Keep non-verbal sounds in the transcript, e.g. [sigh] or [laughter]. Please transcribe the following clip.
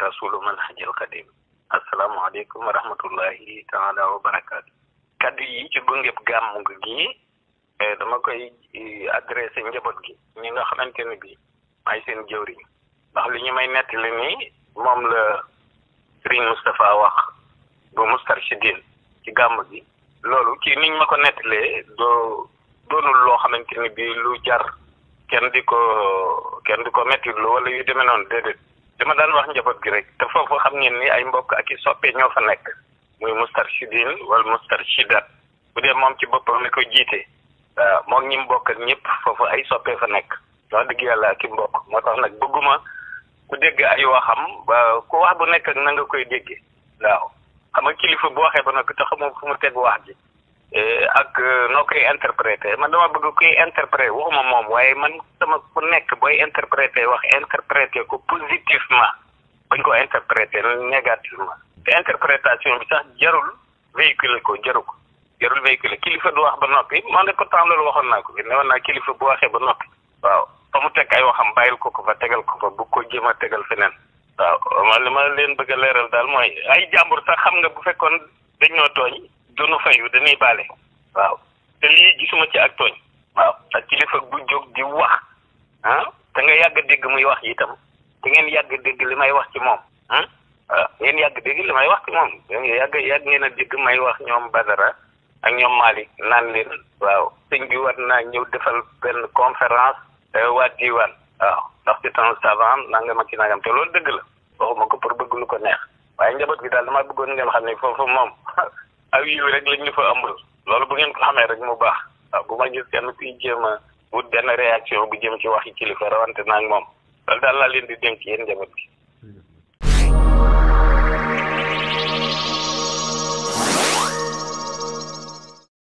rasulu manhajil qadim asalaamaaleykum wa rahmatullahi taala wa barakaatu kaddu yi ci gungeb gàmm gi eh, dama koy eh, adressé njaboot gi ñi nga xamante ne bi may seen jëwriñ ndax li ñu may nettali nii moom la Serigne Moustapha wax bu Moustarchidine ci gàmm gi loolu ci niñ ma ko nettalee doo doonul loo xamante ni bi lu jar kenn di ko kenn di ko metti lu wala yu demee noonu déedéet dama daan wax njaboot gi rek te foofu xam ngeen ni ay mbokk ak i soppee ñoo fa nekk muy mustarshidin wal mustarshidat bu dee moom ci boppam mi ko jiite moom ñi mbokk ak ñëpp foofu ay soppee fa nekk wax dëgg yàlla ak i mbok moo tax nag bëgguma ku dégg ay waxam ku wax bu nekk ak na nga koy déggee waaw xam nga kilifa bu waxee ba nag te xamoo fu mu teg wax ji eh, Euh, noo koy interpréter man dama bëgg koy interpréter waxuma moom waaye man sama ko nekk booy interpréter wax interpréter ko positivement bañ ko interpréter négativement te interprétation bi sax jarul véhiculer ko jaru ko jarul véhiculer kilifa du wax ba noppi man de pourtant loolu waxoon naa ko fi newoon naa kilifa bu waxee ba noppi waaw fa mu teg ay waxam bàyyil ko ko fa tegal ko fa bu ko jéem a tegal feneen waaw man li ma leen bëgg a leeral daal mooy ay jàmbur sax xam nga bu fekkoon dañ ñoo tooñ du nu fayu dañuy baale waaw te lii gisuma ci ak tooñ. waaw ak kilifa bu jóg di wax ah te nga yàgg dégg muy wax itam te ngeen yàgg dégg li may wax ci moom ah ngeen yàgg dégg li may wax ci moom yàgg yàgg ngeen a dégg may wax ñoom Badara ak ñoom Malick naan leen waaw sëñ bi war naa ñëw defal benn conférence euh, waa diwaan waaw ndax ci temps savant nangam a ci nangam te loolu dëgg la waxuma ko pour bëgg lu ko neex waaye njaboot gi daal damaa bëggoon ngeen xam ne foofu moom [laughs] aw yiw rek lañ ñu loolu bu ngeen ko xamee rek mu baax waaw bu ma gis kenn kuy jéem a wut benn bu jëm ci waxi kilifa rawante naag moom loolu daal laa leen di dénk yéen njaboot bi